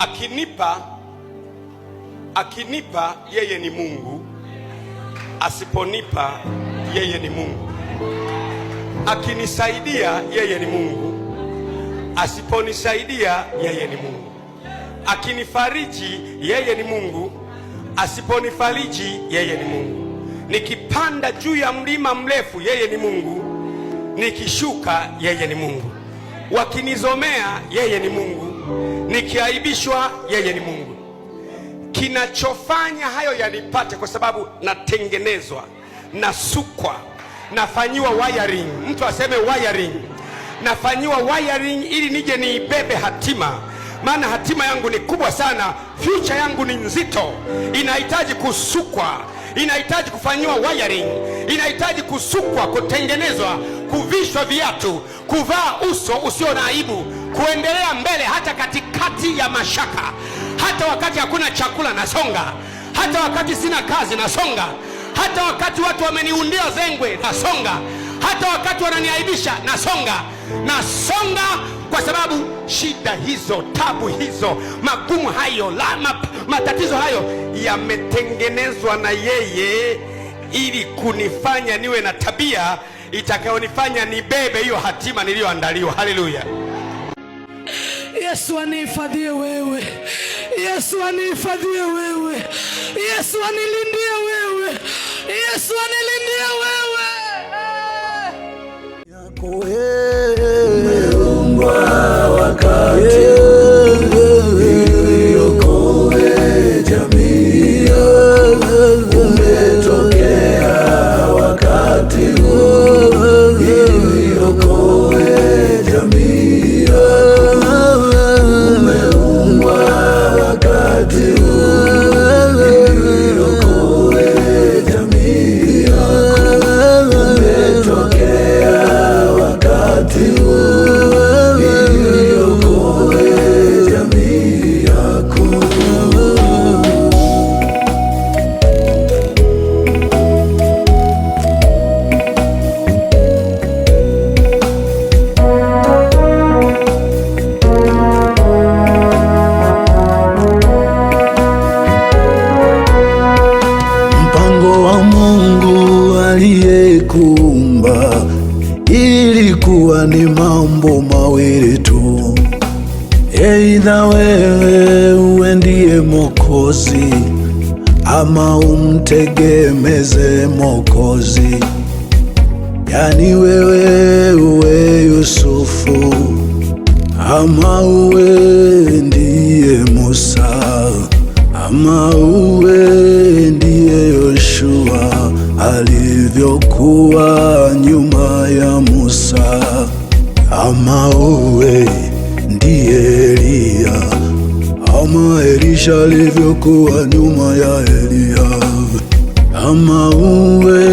Akinipa akinipa yeye ni Mungu, asiponipa yeye ni Mungu. Akinisaidia yeye ni Mungu, asiponisaidia yeye ni Mungu. Akinifariji yeye ni Mungu, asiponifariji yeye ni Mungu. Nikipanda juu ya mlima mrefu yeye ni Mungu, nikishuka yeye ni Mungu. Wakinizomea yeye ni Mungu nikiaibishwa, yeye ni Mungu. Kinachofanya hayo yanipate kwa sababu natengenezwa, nasukwa, nafanyiwa wiring. Mtu aseme wiring, nafanyiwa wiring ili nije niibebe hatima maana hatima yangu ni kubwa sana, future yangu ni nzito, inahitaji kusukwa, inahitaji kufanyiwa wiring, inahitaji kusukwa, kutengenezwa, kuvishwa viatu, kuvaa uso usio na aibu kuendelea mbele, hata katikati ya mashaka, hata wakati hakuna chakula nasonga, hata wakati sina kazi nasonga, hata wakati watu wameniundia zengwe nasonga, hata wakati wananiaibisha nasonga, nasonga kwa sababu shida hizo, tabu hizo, magumu hayo, lama, matatizo hayo yametengenezwa na yeye ili kunifanya niwe na tabia itakayonifanya nibebe hiyo hatima niliyoandaliwa. Haleluya! Yesu anihifadhie wewe, Yesu anihifadhie wewe, Yesu anilindie wewe, Yesu anilindie kama umtegemeze Mokozi, yani wewe uwe Yusufu ama uwe ndiye Musa ama uwe ndiye Yoshua alivyokuwa nyuma ya Musa ama uwe ndiye Eliya kama Elisha alivyokuwa nyuma ya Eliya, ama uwe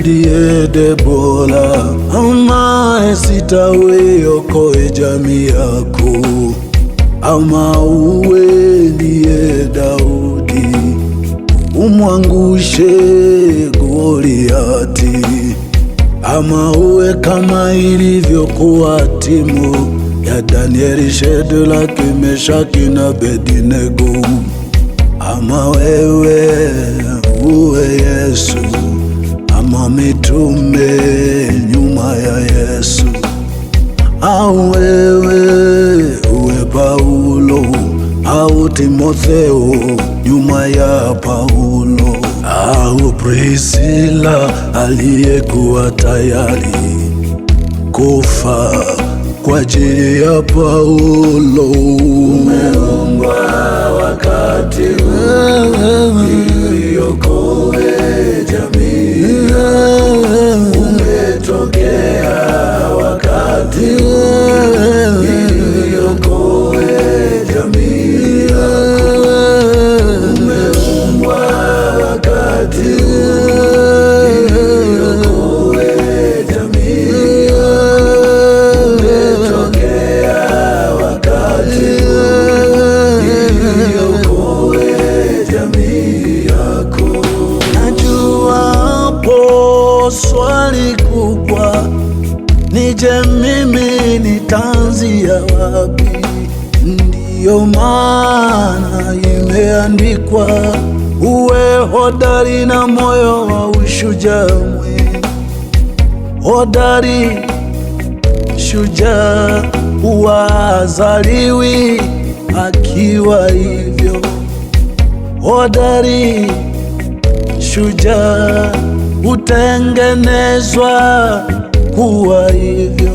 ndiye Debora, ama Sita weokoe jamii yako, ama uwe ndiye Daudi umwangushe Goliati, ama uwe kama ilivyokuwa timu ya Danieli Shedrak Meshaki na Bedinego, ama wewe uwe Yesu ama mitume nyuma ya Yesu, au wewe uwe Paulo au Timotheo nyuma ya Paulo, au Prisila aliyekuwa tayari kufa kwa ajili ya Paulo. Umeungwa wakati uliokoe kwa uwe hodari na moyo wa ushujaa, hodari shujaa, azaliwi akiwa hivyo, hodari shujaa, utengenezwa kuwa hivyo.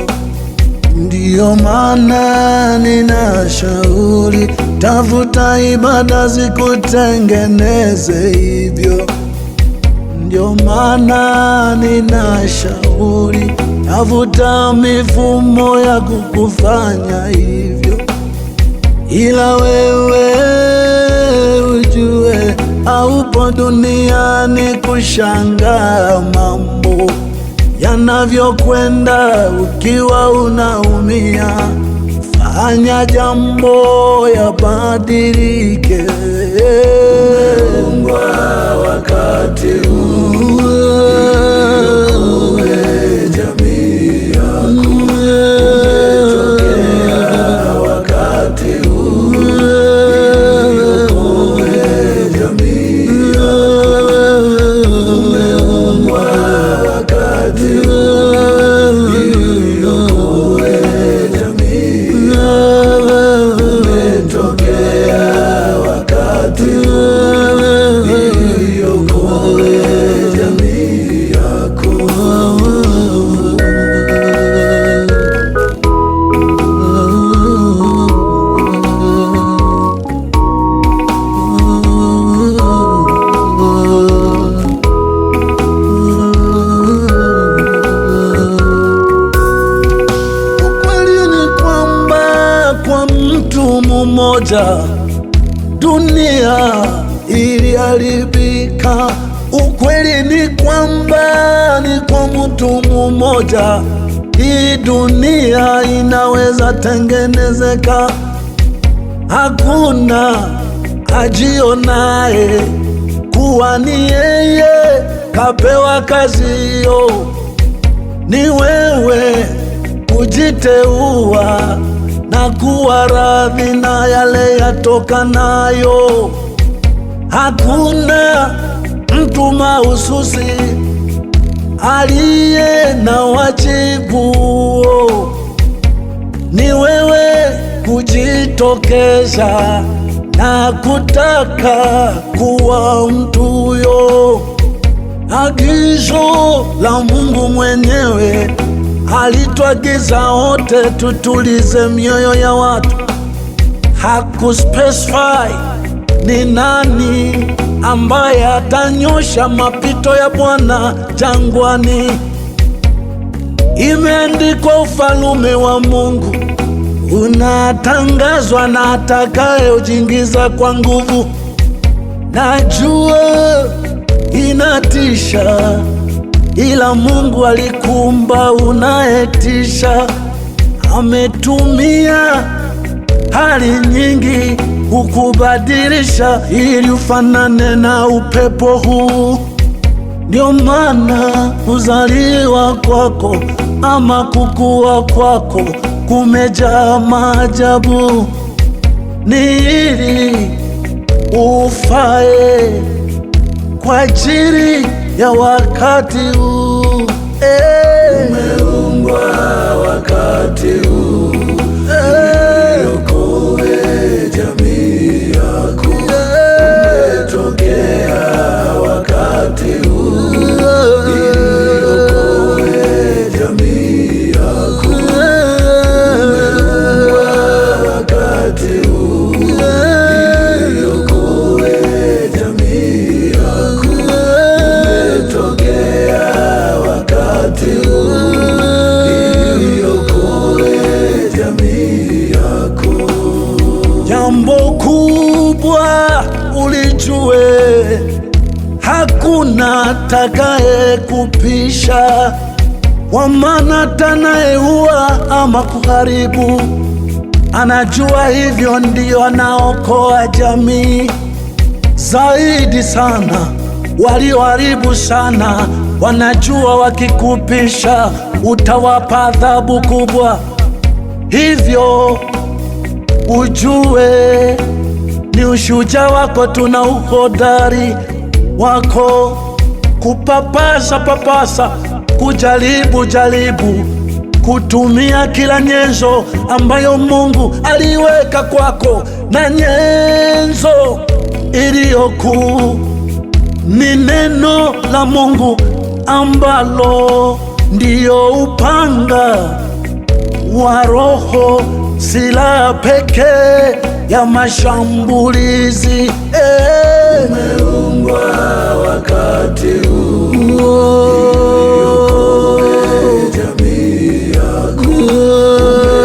Ndiyo maana ninashauri tafuta ibada zikutengeneze hivyo. Ndio maana ninashauri tafuta mifumo ya kukufanya hivyo, ila wewe ujue haupo duniani kushangaa mambo yanavyokwenda ukiwa unaumia fanya jambo yabadilike, wakati huu ni kwa mtu mmoja, hii dunia inaweza tengenezeka. Hakuna ajionaye kuwa ni yeye kapewa kazi hiyo. Ni wewe kujiteua na kuwa radhi na yale yatoka nayo Hakuna mtu mahususi aliye na wajibu ni wewe kujitokeza na kutaka kuwa mtuyo. Agizo la Mungu mwenyewe alituagiza wote tutulize mioyo ya watu, hakuspesify ni nani ambaye atanyosha mapito ya Bwana jangwani. Imeandikwa, ufalume wa Mungu unatangazwa na atakaye ujingiza kwa nguvu. Najua inatisha, ila Mungu alikuumba unayetisha, ametumia hali nyingi hukubadilisha ili ufanane na upepo huu. Ndio maana kuzaliwa kwako ama kukua kwako kumejaa maajabu, ni ili ufae kwa ajili ya wakati huu Hey. Eh. Umeumbwa wakati huu eh. nijue, hakuna takaye kupisha, wamana tanayeua ama kuharibu. Anajua hivyo ndiyo anaokoa jamii zaidi sana. Walioharibu sana wanajua wakikupisha utawapa adhabu kubwa, hivyo ujue ni ushuja wako, tuna uhodari wako, kupapasa papasa, kujaribu jaribu, kutumia kila nyenzo ambayo Mungu aliweka kwako, na nyenzo iliyokuu ni neno la Mungu ambalo ndiyo upanga wa Roho, silaha pekee ya mashambulizi eh. Umeungwa wakati huu Jamii yako